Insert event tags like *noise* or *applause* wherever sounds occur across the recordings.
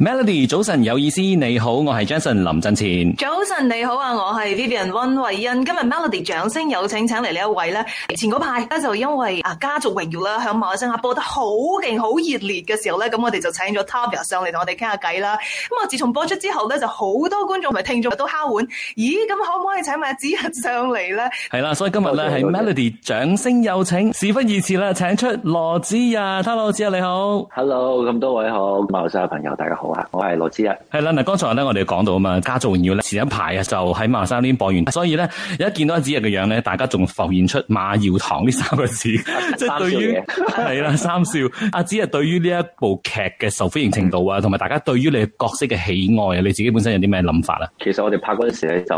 Melody 早晨，有意思，你好，我係 Jason 林振前。早晨你好啊，我係 Vivian 溫慧欣。今日 Melody 掌聲有請，請嚟呢一位咧，前嗰排咧就因為啊家族榮耀咧響馬鞍山播得好勁、好熱烈嘅時候咧，咁我哋就請咗 Tavia 上嚟同我哋傾下偈啦。咁我自從播出之後咧，就好多觀眾同埋聽眾都敲碗，咦，咁可唔可以請埋阿子溢啊上嚟咧？係啦，所以今日咧係 Melody 掌聲有請，事不宜遲啦，請出羅子溢啊，Hello 子溢啊你好，Hello 咁多位好，馬鞍山嘅朋友大家好。我係羅子溢，係啦嗱，剛才咧我哋講到啊嘛，家族榮耀咧前一排啊就喺馬新呢邊播完，所以咧一見到阿子溢嘅樣咧，大家仲浮現出馬耀堂呢三個字，即係 *laughs* 對於係啦三少。阿子溢 e 對於呢一部劇嘅受歡迎程度啊，同埋大家對於你角色嘅喜愛啊，你自己本身有啲咩諗法啦？其實我哋拍嗰陣時咧就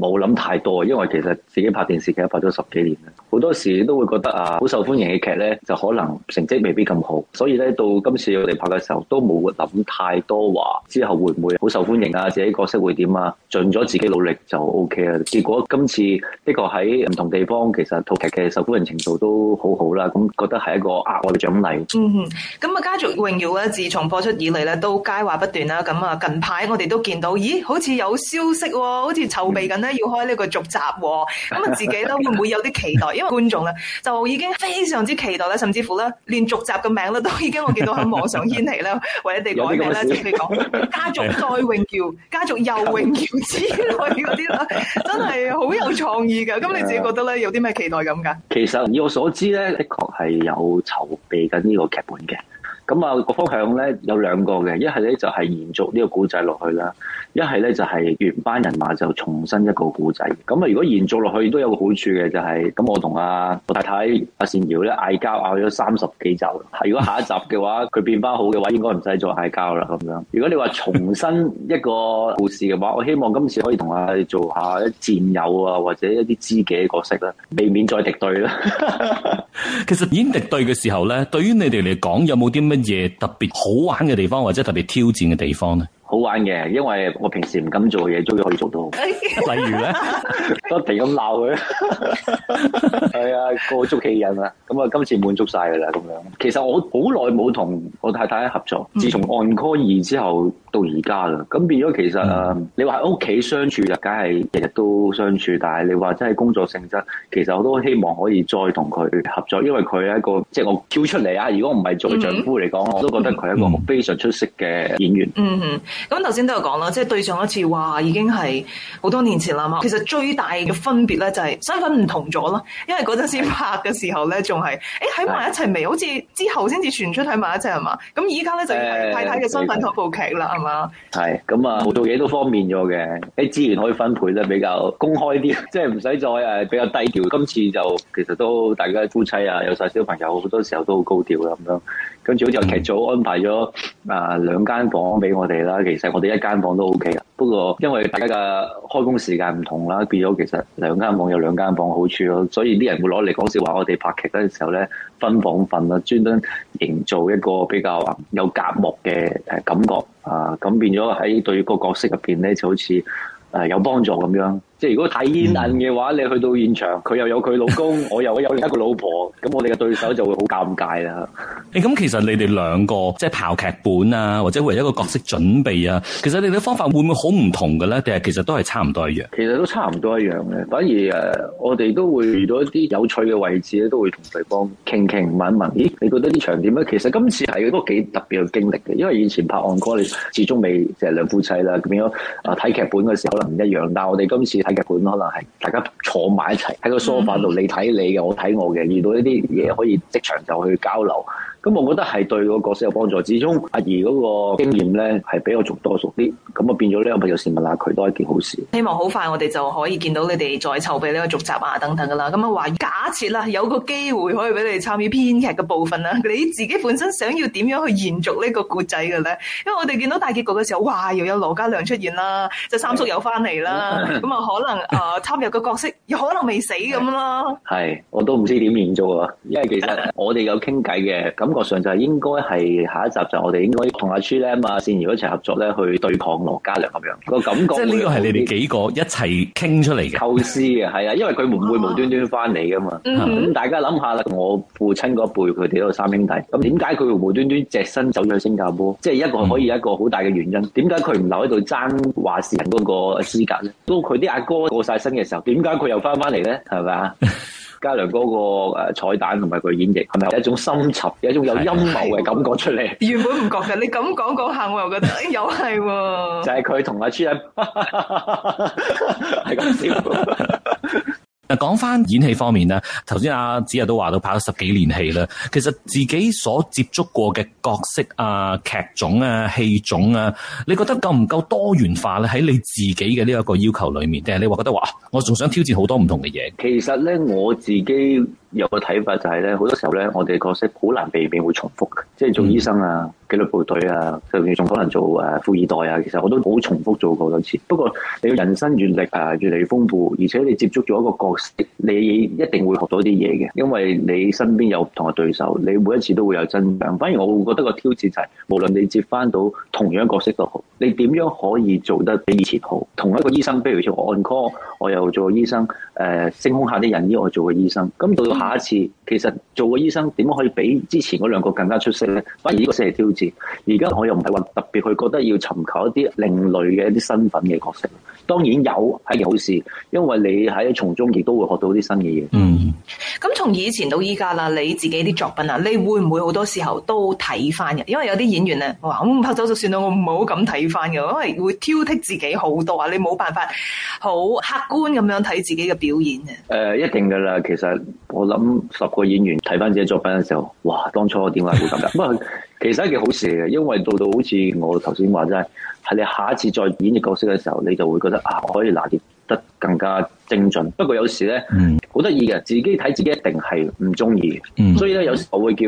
冇諗太多，因為其實自己拍電視劇拍咗十幾年啦，好多時都會覺得啊，好受歡迎嘅劇咧就可能成績未必咁好，所以咧到今次我哋拍嘅時候都冇諗太多。多話之後會唔會好受歡迎啊？自己角色會點啊？盡咗自己努力就 OK 啦。結果今次呢個喺唔同地方，其實套劇嘅受歡迎程度都好好、啊、啦。咁覺得係一個額外嘅獎勵。嗯，咁啊，《家族榮耀》咧，自從播出以嚟咧都佳話不斷啦。咁啊，近排我哋都見到，咦，好似有消息，好似籌備緊咧，要開呢個續集。咁啊、嗯，自己都會唔會有啲期待？ *laughs* 因為觀眾咧就已經非常之期待咧，甚至乎咧連續集嘅名咧都已經我見到喺網上掀起咧，為你哋改名咧。 *laughs* 你講 *laughs* 家族再榮耀，家族又榮耀之類嗰啲啦，真係好有創意㗎。咁你自己覺得咧，有啲咩期待感㗎？其實以我所知咧，的確係有籌備緊呢個劇本嘅。咁啊，個方向咧有兩個嘅，一係咧就係延續呢個故仔落去啦，一係咧就係原班人馬就重新一個故仔。咁啊，如果延續落去都有個好處嘅、就係，就係咁我同阿太太阿善瑤咧嗌交嗌咗三十幾集，如果下一集嘅話，佢變翻好嘅話，應該唔使再嗌交啦咁樣。如果你話重新一個故事嘅話，我希望今次可以同阿做一下一戰友啊，或者一啲知己嘅角色啦，避免再敵對啦。 *laughs* 其實已經敵對嘅時候咧，對於你哋嚟講有冇啲咩？嘢特別好玩嘅地方，或者特別挑戰嘅地方咧？好玩嘅，因為我平時唔敢做嘅嘢，終於可以做到。例如咧，不 *laughs* 停咁鬧佢。係 *laughs* 啊，過足戲癮啦。咁啊，今次滿足晒噶啦咁樣。其實我好耐冇同我太太合作，自從《On Call 2》之後到而家啦。咁、mm hmm. 變咗，其實、mm hmm. 你話喺屋企相處就梗係日日都相處，但係你話真係工作性質，其實我都希望可以再同佢合作，因為佢係一個即係我跳出嚟啊！如果唔係做丈夫嚟講，mm hmm. 我都覺得佢係一個非常出色嘅演員。嗯嗯、mm。Hmm. 咁頭先都有講啦，即係、就是、對上一次哇已經係好多年前啦嘛，其實最大嘅分別咧就係、是、身份唔同咗咯，因為嗰陣先拍嘅時候咧仲係，誒喺埋一齊未，好、欸、似是的 之後先至傳出喺埋一齊係嘛，咁依家咧就是、太太嘅身份睇部劇啦係嘛？係，咁啊，做嘢、嗯、都方便咗嘅，啲資源可以分配咧比較公開啲，即係唔使再誒比較低調。今次就其實都大家夫妻啊，有晒小朋友，好多時候都好高調咁樣。跟住好似劇組安排咗啊兩間房俾我哋啦，其實我哋一間房都 OK 啦。不過因為大家嘅開工時間唔同啦，變咗其實兩間房有兩間房嘅好處咯。所以啲人會攞嚟講笑話，我哋拍劇嗰陣時候咧分房瞓啦，專登營造一個比較有隔膜嘅誒感覺啊，咁變咗喺對個角色入邊咧就好似誒有幫助咁樣。即係如果睇煙韌嘅話，你去到現場，佢又有佢老公， *laughs* 我又有另一個老婆，咁我哋嘅對手就會好尷尬啦。咁、欸嗯、其實你哋兩個即係刨劇本啊，或者為一個角色準備啊，其實你哋嘅方法會唔會好唔同嘅咧？定係其實都係差唔多一樣？其實都差唔多一樣嘅。反而誒，我哋都會遇到一啲有趣嘅位置咧，都會同對方傾傾問一問。咦，你覺得呢場點啊？其實今次係一個幾特別嘅經歷嘅，因為以前拍《On Call》你始終未就係兩夫妻啦，咁樣啊睇劇本嘅時候可能唔一樣，但係我哋今次。嘅館可能係大家坐埋一齊喺個 sofa 度，你睇你嘅，我睇我嘅，遇到一啲嘢可以即場就去交流。咁我覺得係對個角色有幫助，始終阿怡嗰個經驗咧係比較熟多熟啲，咁啊變咗呢個朋友時問下佢都係一件好事。希望好快我哋就可以見到你哋再籌備呢個續集啊等等噶啦，咁啊話假設啦有個機會可以俾你哋參與編劇嘅部分啦，你自己本身想要點樣去延續個呢個故仔嘅咧？因為我哋見到大結局嘅時候，哇又有羅嘉良出現啦，就三叔有翻嚟啦，咁啊 *laughs* 可能啊、呃、參與個角色。有可能未死咁咯，係我都唔知點面做啊！因為其實我哋有傾偈嘅感覺上就係應該係下一集就我哋應該同阿 Chu 啊、善賢一齊合作咧去對抗羅嘉良咁樣個感覺。即係呢個係你哋幾個一齊傾出嚟嘅構思嘅，係啊，因為佢唔會無端端翻嚟噶嘛。咁大家諗下啦，我父親嗰輩佢哋都係三兄弟，咁點解佢會無端端隻身走咗去新加坡？即係一個可以一個好大嘅原因。點解佢唔留喺度爭話事人嗰個資格咧？到佢啲阿哥過晒身嘅時候，點解佢又？翻翻嚟咧，係咪啊？嘉良哥個誒彩蛋同埋佢演繹，係咪有一種深沉，有一種有陰謀嘅感覺出嚟？原本唔覺嘅，你咁講講下，我又覺得哎，又係喎。哎哦、就係佢同阿朱一係咁笑，笑。 *laughs* 嗱，講翻演戲方面咧，頭先阿子日都話到拍咗十幾年戲啦，其實自己所接觸過嘅角色啊、劇種啊、戲種啊，你覺得夠唔夠多元化咧？喺你自己嘅呢一個要求裏面，定係你話覺得話，我仲想挑戰好多唔同嘅嘢？其實咧，我自己。有個睇法就係咧，好多時候咧，我哋角色好難避免會重複嘅，即係做醫生啊、紀律部隊啊，甚至仲可能做誒富二代啊。其實我都好重複做過多次。不過你人生閱歷啊，越嚟越豐富，而且你接觸咗一個角色，你一定會學到啲嘢嘅，因為你身邊有唔同嘅對手，你每一次都會有真相。反而我會覺得個挑戰就係、是，無論你接翻到同樣角色都好，你點樣可以做得比以前好？同一個醫生，譬如做 On Call，我又做醫生，誒星空下的仁醫，我做個醫生，咁、呃、到。下一次，其實做個醫生點樣可以比之前嗰兩個更加出色咧？反而呢個先係挑戰。而家我又唔係話特別去覺得要尋求一啲另類嘅一啲身份嘅角色。當然有係件好事，因為你喺從中亦都會學到啲新嘅嘢。嗯。咁從以前到依家啦，你自己啲作品啊，你會唔會好多時候都睇返嘅？因為有啲演員咧，話咁拍走就算啦，我唔係好咁睇返嘅，因為會挑剔自己好多啊。你冇辦法好客觀咁樣睇自己嘅表演嘅。誒、呃，一定㗎啦。其實我，諗十個演員睇翻自己作品嘅時候，哇！當初我點解會咁噶？不過其實係一件好事嘅，因為到到好似我頭先話齋，係你下一次再演嘅角色嘅時候，你就會覺得啊，可以拿啲。」得更加精準，不過有時咧，好得意嘅，自己睇自己一定係唔中意，嗯、所以咧有時我會叫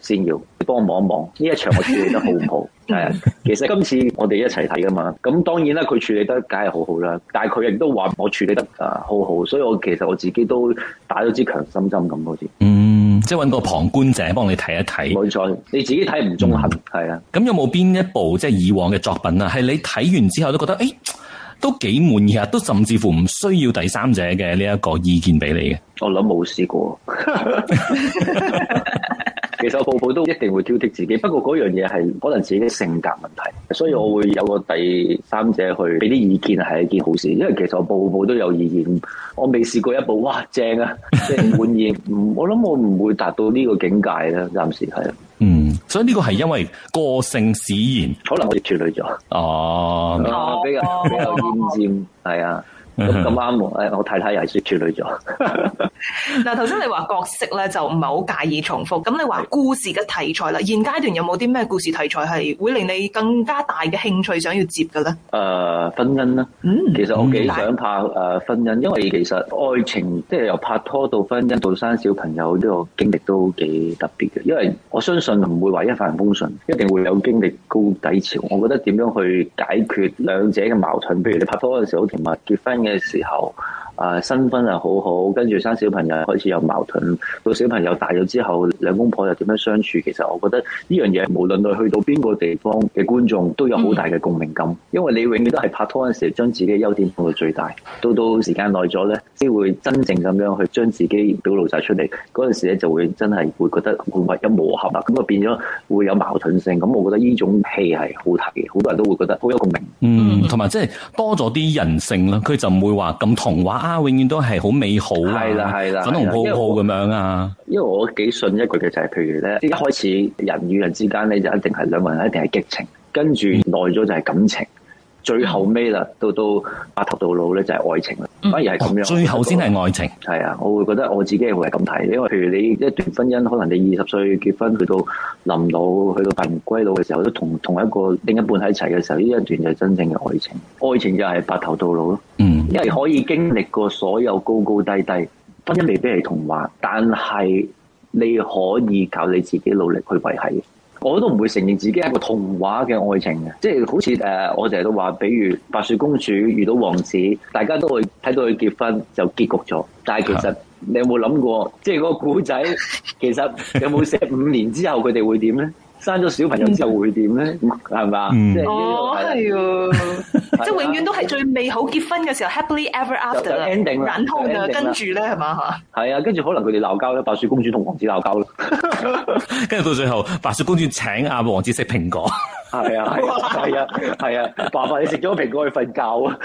善耀你幫我望一望呢一場我處理得好唔好？係啊，。 *laughs* 其實今次我哋一齊睇噶嘛，咁當然啦，佢處理得梗係好好啦，但係佢亦都話我處理得啊好好，所以我其實我自己都打咗支強心針咁好似。嗯，即係揾個旁觀者幫你睇一睇。冇錯，你自己睇唔中肯，係啊。咁、嗯、的有冇邊一部即係以往嘅作品啊？係你睇完之後都覺得誒？哎都幾滿意啊！都甚至乎唔需要第三者嘅呢一個意見俾你嘅。我諗冇試過。 *laughs* *laughs* 其實我步步都一定會挑剔自己，不過嗰樣嘢係可能自己嘅性格問題，所以我會有個第三者去俾啲意見係一件好事，因為其實我步步都有意見，我未試過一步哇正啊，即係滿意， *laughs* 我諗我唔會達到呢個境界啦，暫時係， *laughs* 嗯，所以呢個係因為個性使然，可能我哋處理咗，哦、啊，啊、比較、啊、比較厭尖，係啊。咁啱喎！我太太又係處女座。嗱、嗯，頭先你話角色咧就唔係好介意重複，咁 *laughs* 你話故事嘅題材啦，現階段有冇啲咩故事題材係會令你更加大嘅興趣想要接嘅咧？誒、呃，婚姻啦，嗯，其實我幾想拍誒婚姻，嗯嗯、因為其實愛情即係、就是、由拍拖到婚姻到生小朋友呢個經歷都幾特別嘅，因為我相信唔會話一帆風順，一定會有經歷高低潮。我覺得點樣去解決兩者嘅矛盾，譬如你拍拖嗰陣時好甜蜜，結婚嘅時候。啊，新婚又好好，跟住生小朋友開始有矛盾。到小朋友大咗之後，兩公婆又點樣相處？其實我覺得呢樣嘢，無論去去到邊個地方嘅觀眾都有好大嘅共鳴感，嗯、因為你永遠都係拍拖嗰陣時，將自己嘅優點放到最大。到到時間耐咗咧，先會真正咁樣去將自己表露晒出嚟嗰陣時咧，就會真係會覺得會,會有磨合啊，咁啊變咗會有矛盾性。咁我覺得呢種戲係好睇，好多人都會覺得好有共鳴。嗯，同埋即係多咗啲人性啦，佢就唔會話咁童話。啊！永遠都係好美好啊，係啦係啦，粉紅泡泡咁樣啊！因為我幾信一句嘅就係，譬如咧一開始人與人之間咧就一定係兩個人一定係激情，跟住耐咗就係感情。嗯最後尾啦，到到白頭到老咧，就係愛情啦，反而係咁樣，最後先係愛情。係啊，我會覺得我自己會係咁睇，因為譬如你一段婚姻，可能你二十歲結婚，去到臨老，去到百年歸老嘅時候，都同同一個另一半喺一齊嘅時候，呢一段就係真正嘅愛情。愛情就係白頭到老咯，嗯，因為可以經歷過所有高高低低。婚姻未必係童話，但係你可以靠你自己努力去維係。我都唔會承認自己係一個童話嘅愛情嘅，即係好似誒，我成日都話，比如白雪公主遇到王子，大家都會睇到佢結婚就結局咗。但係其實你有冇諗過，即係嗰個故仔其實有冇寫五年之後佢哋會點咧？生咗小朋友之後會點咧？係嘛？哦，係啊！ *laughs* 啊即係永遠都係最美好結婚嘅時候 *laughs* ，happily ever after ending 忍通噶，跟住咧係嘛吓？係啊，跟住可能佢哋鬧交咧，白雪公主同王子鬧交啦，跟住到最後白雪公主請阿王子食蘋果。 *laughs* 係 *laughs* 啊，係啊，係啊，爸爸你食咗個蘋果去瞓覺啊！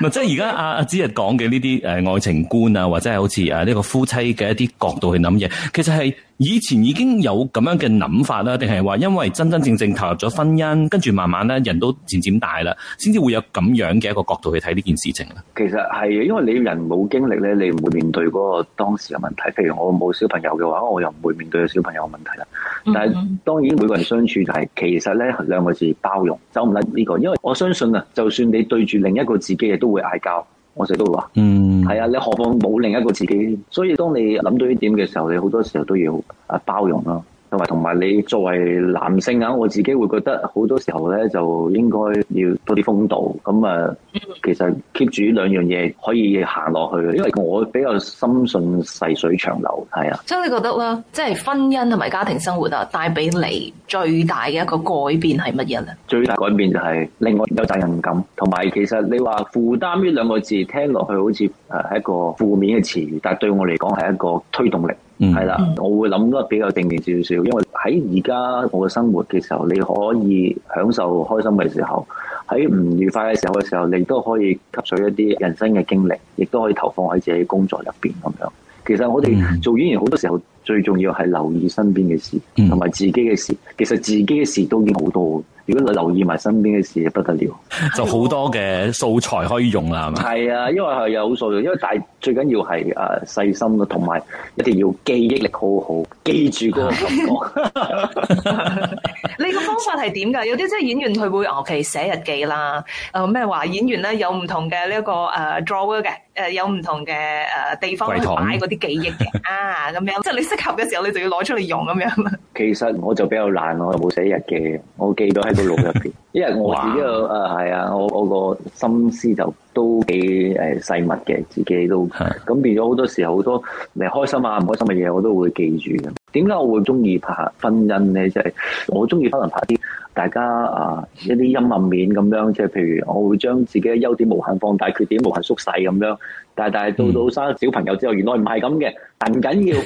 唔係即係而家阿阿芝日講嘅呢啲誒愛情觀啊，或者係好似誒呢個夫妻嘅一啲角度去諗嘢，其實係。以前已經有咁樣嘅諗法啦，定係話因為真真正正投入咗婚姻，跟住慢慢咧人都漸漸大啦，先至會有咁樣嘅一個角度去睇呢件事情啦。其實係，因為你人冇經歷咧，你唔會面對嗰個當時嘅問題。譬如我冇小朋友嘅話，我又唔會面對小朋友嘅問題。但係當然每個人相處就係其實咧兩個字包容，走唔甩呢個，因為我相信啊，就算你對住另一個自己亦都會嗌交。我成日都會話，係 *noise* *noise* 啊！你何況冇另一個自己，所以當你諗到呢點嘅時候，你好多時候都要啊包容咯。同埋同埋，你作為男性啊，我自己會覺得好多時候咧，就應該要多啲風度。咁啊，其實 keep 住呢兩樣嘢可以行落去。因為我比較深信細水長流，係啊。所以你覺得咧，即係婚姻同埋家庭生活啊，帶俾你最大嘅一個改變係乜嘢咧？最大改變就係令我有責任感，同埋其實你話負擔呢兩個字聽落去好似誒係一個負面嘅詞語，但係對我嚟講係一個推動力。係啦、mm hmm.，我會諗得比較正面少少，因為喺而家我嘅生活嘅時候，你可以享受開心嘅時候，喺唔愉快嘅時候嘅時候，你都可以吸取一啲人生嘅經歷，亦都可以投放喺自己工作入邊咁樣。其實我哋做演員好多時候。Mm hmm. 最重要係留意身邊嘅事，同埋自己嘅事。其實自己嘅事都已經好多 *music* 如果你留意埋身邊嘅事，不得了，就好多嘅素材可以用啦。係 *noise* 啊樂，因為係有素材。因為但係最緊要係誒細心啦，同埋一定要記憶力好好，記住個感覺。你個方法係點㗎？有啲即係演員佢會尤其寫日記啦。誒咩話演員咧有唔同嘅呢一個誒、uh, drawer 嘅，誒有唔同嘅誒地方去擺嗰啲記憶嘅啊咁樣。即係你識。吸嘅時候你就要攞出嚟用咁樣。其實我就比較懶，我又冇寫日記，我記到喺個腦入邊。因為我自己，係啊，我我個心思就都幾誒細密嘅，自己都咁變咗好多時候，好多嚟開心啊唔開心嘅嘢，我都會記住。點解我會中意拍婚姻咧？即係我中意可能拍啲大家啊一啲陰暗面咁樣，即係譬如我會將自己嘅優點無限放大，缺點無限縮細咁樣。但係到到生小朋友之後，原來唔係咁嘅，但唔緊要。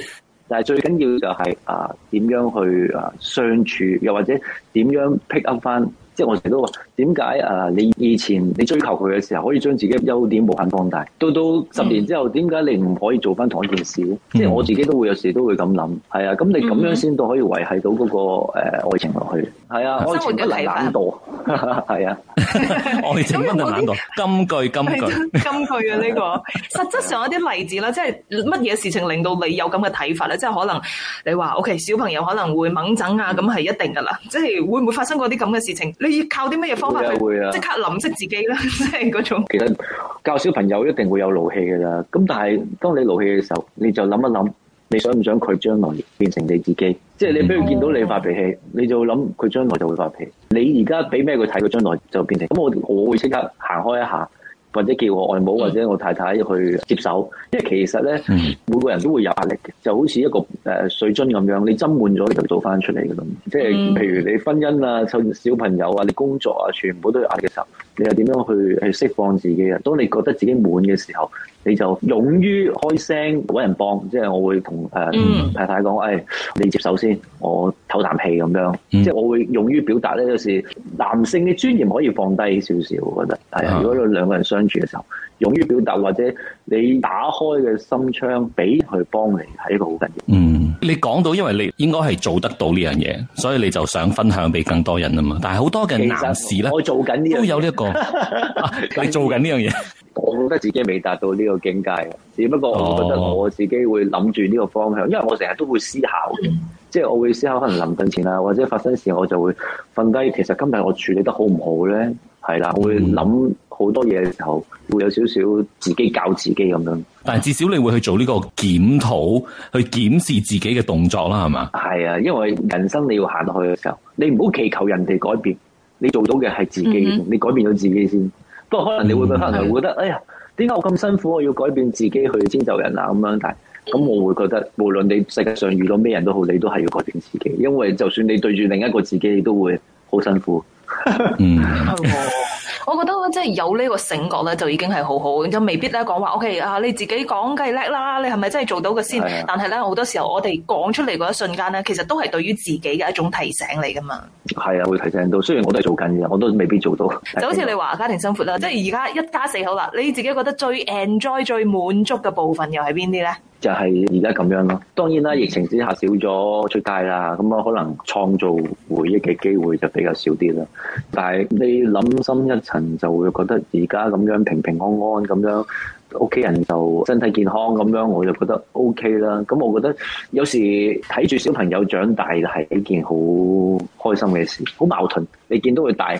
但係最緊要就係、是、啊，點樣去啊相處，又或者點樣 pick up 翻。即係我成日都話點解誒？你以前你追求佢嘅時候，可以將自己嘅優點無限放大。到到十年之後，點解、嗯、你唔可以做翻同一件事咧？即係、嗯、我自己都會有時都會咁諗，係啊。咁你咁樣先到可以維係到嗰個誒愛情落去。係啊，嗯、愛情不懶惰。係啊，的 *laughs* 愛情不懶惰。金句金句金句啊、這個！呢個實質上有啲例子啦，即係乜嘢事情令到你有咁嘅睇法咧？ *laughs* 即係可能你話 OK，小朋友可能會蚊疹啊，咁係一定噶啦。即係會唔會發生過啲咁嘅事情？你要靠啲咩嘢方法？即刻諗識自己啦，即係嗰種。啊、 *laughs* 其實教小朋友一定會有勞氣嘅啦。咁但係當你勞氣嘅時候，你就諗一諗，你想唔想佢將來變成你自己？即、就、係、是、你比如見到你發脾氣，你就諗佢將來就會發脾氣。你而家俾咩佢睇，佢將來就變成。咁我我會即刻行開一下。或者叫我外母或者我太太去接手，因為其實咧每個人都會有壓力嘅，就好似一個誒水樽咁樣，你斟滿咗就倒翻出嚟嘅咯。即係譬如你婚姻啊、湊小朋友啊、你工作啊，全部都有壓力嘅時候，你又點樣去去釋放自己啊？當你覺得自己滿嘅時候，你就勇於開聲揾人幫，即係我會同誒太太講：「哎，誒你接手先，我。唞啖氣咁樣，嗯、即係我會勇於表達咧。有、就、時、是、男性嘅尊嚴可以放低少少，我覺得係、哎。如果兩個人相處嘅時候，勇於表達或者你打開嘅心窗，俾佢幫你係一個好緊要。嗯，你講到因為你應該係做得到呢樣嘢，所以你就想分享俾更多人啊嘛。但係好多嘅男士咧，我做都有呢、這、一個， *laughs* 啊、你做緊呢樣嘢，我覺得自己未達到呢個境界。只不過我覺得我自己會諗住呢個方向，因為我成日都會思考嘅。嗯。即係我會思考，可能臨瞓前啊，或者發生事，我就會瞓低。其實今日我處理得好唔好咧？係啦，我會諗好多嘢嘅時候，會有少少自己教自己咁樣。但係至少你會去做呢個檢討，去檢視自己嘅動作啦，係嘛？係啊，因為人生你要行落去嘅時候，你唔好祈求人哋改變。你做到嘅係自己，mm hmm. 你改變咗自己先。不過可能你會覺得，可能會覺得，哎呀，點解我咁辛苦，我要改變自己去遷就人啊咁樣，但係。咁我會覺得，無論你世界上遇到咩人都好，你都係要改變自己，因為就算你對住另一個自己，你都會好辛苦。 *laughs* 嗯， *laughs* 嗯，我覺得即係有呢個醒覺咧，就已經係好好，就未必咧講話 O K 啊，OK, 你自己講梗係叻啦，你係咪真係做到嘅先？啊、但係咧，好多時候我哋講出嚟嗰一瞬間咧，其實都係對於自己嘅一種提醒嚟噶嘛。係啊，會提醒到。雖然我都係做緊嘢，我都未必做到。就好似你話家庭生活啦，嗯、即係而家一家四口啦，你自己覺得最 enjoy 最滿足嘅部分又係邊啲咧？就係而家咁樣咯，當然啦，疫情之下少咗出街啦，咁啊可能創造回憶嘅機會就比較少啲啦。但係你諗深一層，就會覺得而家咁樣平平安安咁樣。屋企人就身體健康咁樣，我就覺得 OK 啦。咁、嗯、我覺得有時睇住小朋友長大係一件好開心嘅事，好矛盾。你見到佢大，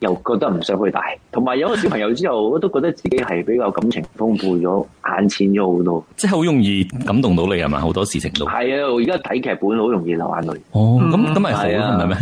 又覺得唔想佢大。同埋有個小朋友之後，我都覺得自己係比較感情豐富咗、眼淺咗好多，即係好容易感動到你係嘛？好多事情都係啊！而家睇劇本好容易流眼淚。哦，咁咁係好係咩？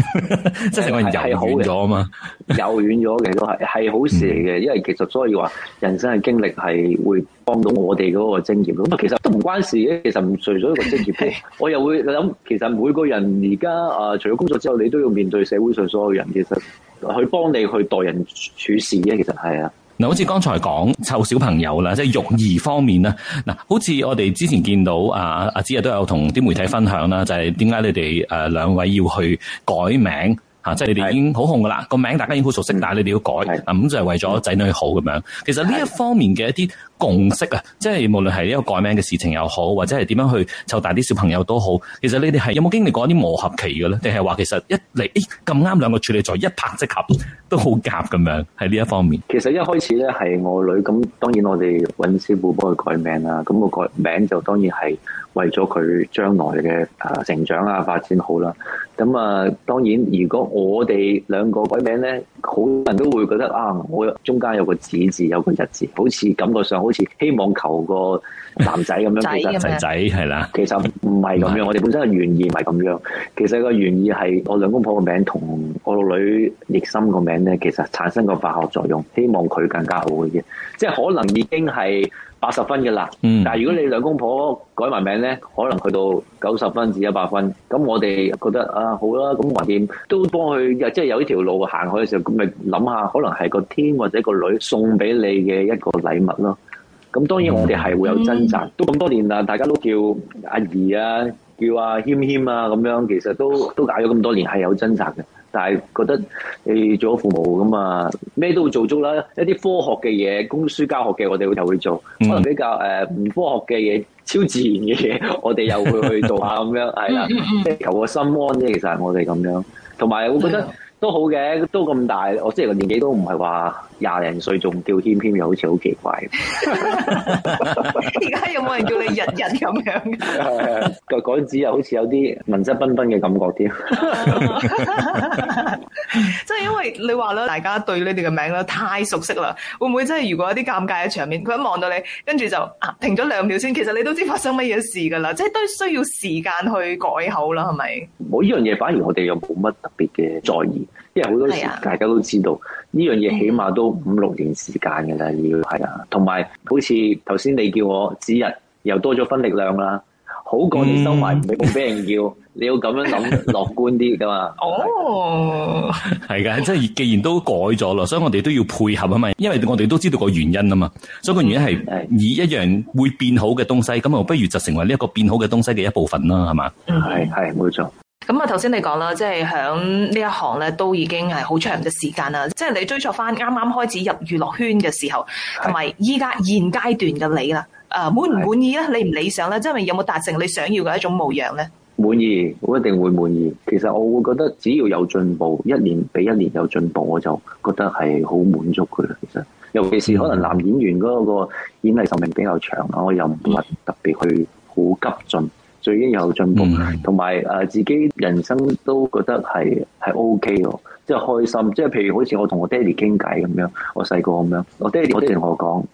即係我而家好咗啊嘛， *laughs* 柔軟咗嘅都係係好事嚟嘅，因為其實所以話人生嘅經歷係會。幫到我哋個職業，咁啊，其實都唔關事嘅。其實除咗一個職業 *laughs* 我又會諗，其實每個人而家啊，除咗工作之後，你都要面對社會上所有人，其實。其實去幫你去待人處事嘅，其實係啊。嗱，好似剛才講湊小朋友啦，即係育兒方面咧。嗱，好似我哋之前見到啊，阿阿子日都有同啲媒體分享啦，就係點解你哋誒兩位要去改名？即係你哋已經好紅噶啦，個是的 名大家已經好熟悉，嗯、但係你哋要改，咁是的 就係為咗仔女好咁樣。其實呢一方面嘅一啲共識啊，是的 即係無論係呢個改名嘅事情又好，或者係點樣去湊大啲小朋友都好。其實你哋係有冇經歷過一啲磨合期嘅咧？定係話其實一嚟，咁啱兩個處理在一拍即合，都好夾咁樣喺呢一方面。其實一開始咧係我女，咁當然我哋揾師傅幫佢改名啦。咁、那個改名就當然係為咗佢將來嘅啊成長啊發展好啦。咁啊，當然如果我哋兩個改名咧，好多人都會覺得啊，我中間有個子字，有個日字，好似感覺上好似希望求個男仔咁樣，仔仔係啦。其實唔係咁樣，我哋本身嘅原意唔係咁樣。其實個原意係我兩公婆個名同我老女奕心個名咧，其實產生個化學作用，希望佢更加好嘅，即係可能已經係。八十分嘅啦，嗯、但係如果你兩公婆改埋名咧，可能去到九十分至一百分。咁我哋覺得啊，好啦，咁橫掂都幫佢，即係有呢條路行去嘅時候，咁咪諗下，可能係個天或者個女送俾你嘅一個禮物咯。咁當然我哋係會有掙扎，都咁多年啦，大家都叫阿怡啊，叫阿謙謙啊，咁樣，其實都都搞咗咁多年，係有掙扎嘅。但係覺得你、欸、做咗父母咁啊，咩都會做足啦。一啲科學嘅嘢、供書教學嘅，我哋又會做。可能比較誒唔、呃、科學嘅嘢、超自然嘅嘢，我哋又會去做下咁 *laughs* 樣，係啦，求個心安啫。其實我哋咁樣，同埋我覺得都好嘅，都咁大，我即係個年紀都唔係話。廿零歲仲叫謙謙，又好似好奇怪，而家有冇人叫你日日咁樣？個改字又好似有啲文質彬彬嘅感覺啲，即係因為你話咧，大家對你哋嘅名咧太熟悉啦，會唔會真係如果有啲尷尬嘅場面，佢一望到你，跟住就、啊、停咗兩秒先，其實你都知發生乜嘢事噶啦，即係都需要時間去改口啦，係咪？我呢樣嘢反而我哋又冇乜特別嘅在意。因為好多時，大家都知道呢樣嘢，起碼都五六年時間噶啦，要係啦。同埋，好似頭先你叫我指日又多咗分力量啦，好過你收埋唔俾人叫，你要咁樣諗，樂觀啲噶嘛。哦，係噶，即係既然都改咗啦，所以我哋都要配合啊嘛。因為我哋都知道個原因啊嘛。所以個原因係以一樣會變好嘅東西，咁啊不如就成為呢一個變好嘅東西嘅一部分啦，係嘛？嗯，係係冇錯。咁啊，頭先你講啦，即係響呢一行咧，都已經係好長嘅時間啦。即係你追溯翻啱啱開始入娛樂圈嘅時候，同埋依家現階段嘅你啦，誒，滿唔滿意啊？是你唔理想咧，即係有冇達成你想要嘅一種模樣咧？滿意，我一定會滿意。其實我會覺得只要有進步，一年比一年有進步，我就覺得係好滿足佢啦。其實，尤其是可能男演員嗰個演藝壽命比較長啦，我又唔係特別去好急進。最緊要有進步，同埋誒自己人生都覺得係係 OK 喎，即係開心。即係譬如好似我同我爹哋傾偈咁樣，我細個咁樣，我爹哋我爹哋同我講，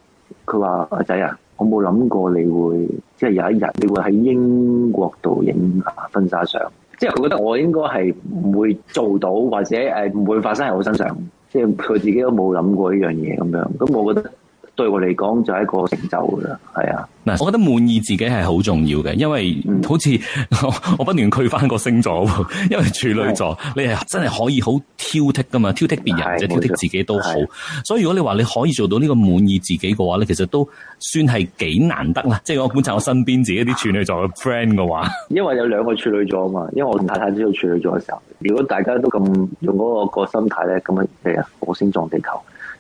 佢話：阿仔啊，我冇諗過你會即係有一日你會喺英國度影婚紗相。即係佢覺得我應該係唔會做到，或者誒唔會發生喺我身上。即係佢自己都冇諗過呢樣嘢咁樣。咁我覺得。對我嚟講就係一個成就啦，係啊，嗱，我覺得滿意自己係好重要嘅，因為好似、嗯、 *laughs* 我不斷退翻個星座，因為處女座、嗯、你係真係可以好挑剔噶嘛，挑剔別人錯挑剔自己都好，錯所以如果你話你可以做到呢個滿意自己嘅話咧，其實都算係幾難得啦。即係我觀察我身邊自己啲處女座嘅 friend 嘅話，因為有兩個處女座啊嘛，因為我太太知道處女座嘅時候，如果大家都咁用嗰個個心態咧，咁樣，係啊，火星撞地球，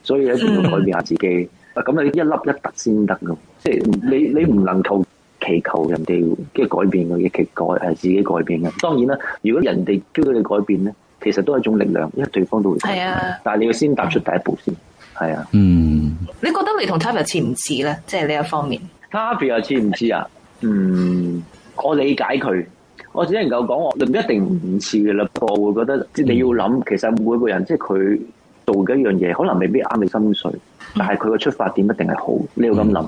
所以咧就要改變下自己。 *laughs* 啊！咁你一粒一突先得噶，即係你你唔能夠祈求人哋即係改變嘅嘢，去改誒自己改變嘅。當然啦，如果人哋叫到你改變咧，其實都係一種力量，因為對方都會改變。係啊！但係你要先踏出第一步先，係啊！嗯。你覺得你同 Tavi 似唔似咧？即係呢一方面，Tavi 又似唔似啊？嗯，我理解佢，我只能夠講我唔一定唔似嘅啦。我會覺得即係你要諗，其實每個人即係佢。做嘅一樣嘢，可能未必啱你心水，但係佢個出發點一定係好。你要咁諗，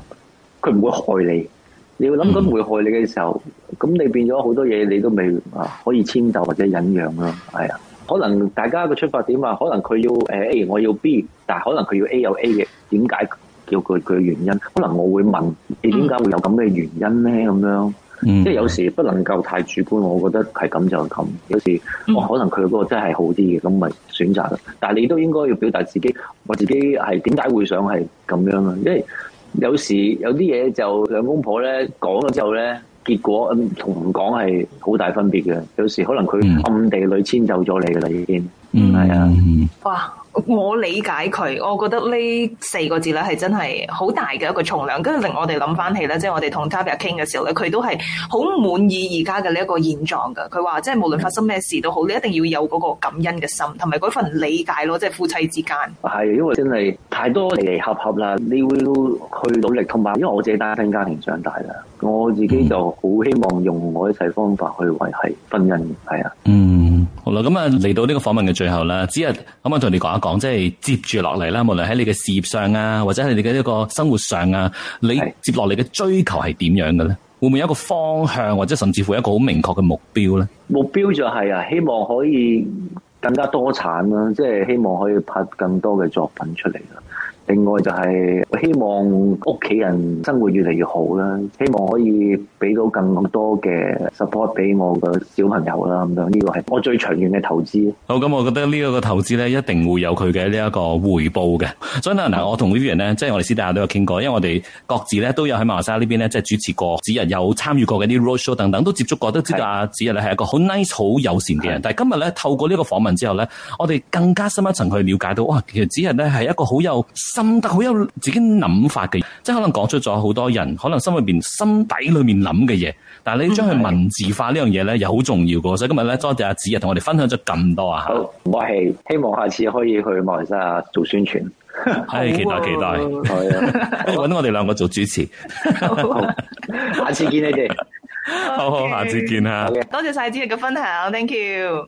佢唔、嗯、會害你。你要諗緊唔會害你嘅時候，咁、嗯、你變咗好多嘢，你都未啊可以遷就或者忍讓咯。係啊，可能大家個出發點啊，可能佢要誒 A，我要 B，但係可能佢要 A 有 A 嘅點解叫佢佢嘅原因？可能我會問你點解會有咁嘅原因咧？咁樣。即係、嗯、有時不能夠太主觀，我覺得係咁就係咁。有時我可能佢嗰個真係好啲嘅，咁咪選擇。但係你都應該要表達自己，我自己係點解會想係咁樣啊。因為有時有啲嘢就兩公婆咧講咗之後咧，結果同唔講係好大分別嘅。有時可能佢暗地裏遷就咗你噶啦已經。嗯，係啊、mm，hmm. 哇！我理解佢，我覺得呢四個字咧係真係好大嘅一個重量，跟住令我哋諗翻起咧，即係我哋同 Toby 傾嘅時候咧，佢都係好滿意而家嘅呢一個現狀噶。佢話即係無論發生咩事都好，你一定要有嗰個感恩嘅心，同埋嗰份理解咯，即係夫妻之間。係，因為真係太多離離合合啦，你會去努力，同埋因為我自己單親家庭長大啦，我自己就好希望用我一切方法去維繫婚姻。係啊，嗯、mm。Hmm. 好啦，咁啊嚟到呢個訪問嘅最後啦，只係可唔可以同你講一講，即係接住落嚟啦，無論喺你嘅事業上啊，或者喺你嘅一個生活上啊，你接落嚟嘅追求係點樣嘅咧？會唔會有一個方向，或者甚至乎一個好明確嘅目標咧？目標就係啊，希望可以更加多產啦，即係希望可以拍更多嘅作品出嚟啦。另外就係希望屋企人生活越嚟越好啦，希望可以俾到更多嘅 support 俾我嘅小朋友啦，咁樣呢個係我最長遠嘅投資。好，咁，我覺得呢一個投資咧，一定會有佢嘅呢一個回報嘅。所以嗱嗱，嗯、我同 Vivian 呢位咧，即係我哋師弟啊都有傾過，因為我哋各自咧都有喺馬來西亞呢邊咧，即係主持過，指日有參與過嘅啲 roadshow 等等，都接觸過，都知道阿子日咧係一個好 nice、好友善嘅人。是但係今日咧透過呢個訪問之後咧，我哋更加深一層去了解到，哇，其實子日咧係一個好有～浸得好有自己諗法嘅，即係可能講出咗好多人，可能心裏邊心底裏面諗嘅嘢，但係你要將佢文字化呢樣嘢咧，又好重要嘅，所以今日咧多謝阿子啊同我哋分享咗咁多啊，好，我係希望下次可以去馬來西亞做宣傳，唉、 *laughs* 哎，期待期待，跟住揾我哋兩個做主持，啊、 *laughs* 好下次見你哋，好好，下次見啊！多謝晒子啊嘅分享 *laughs* ，thank you。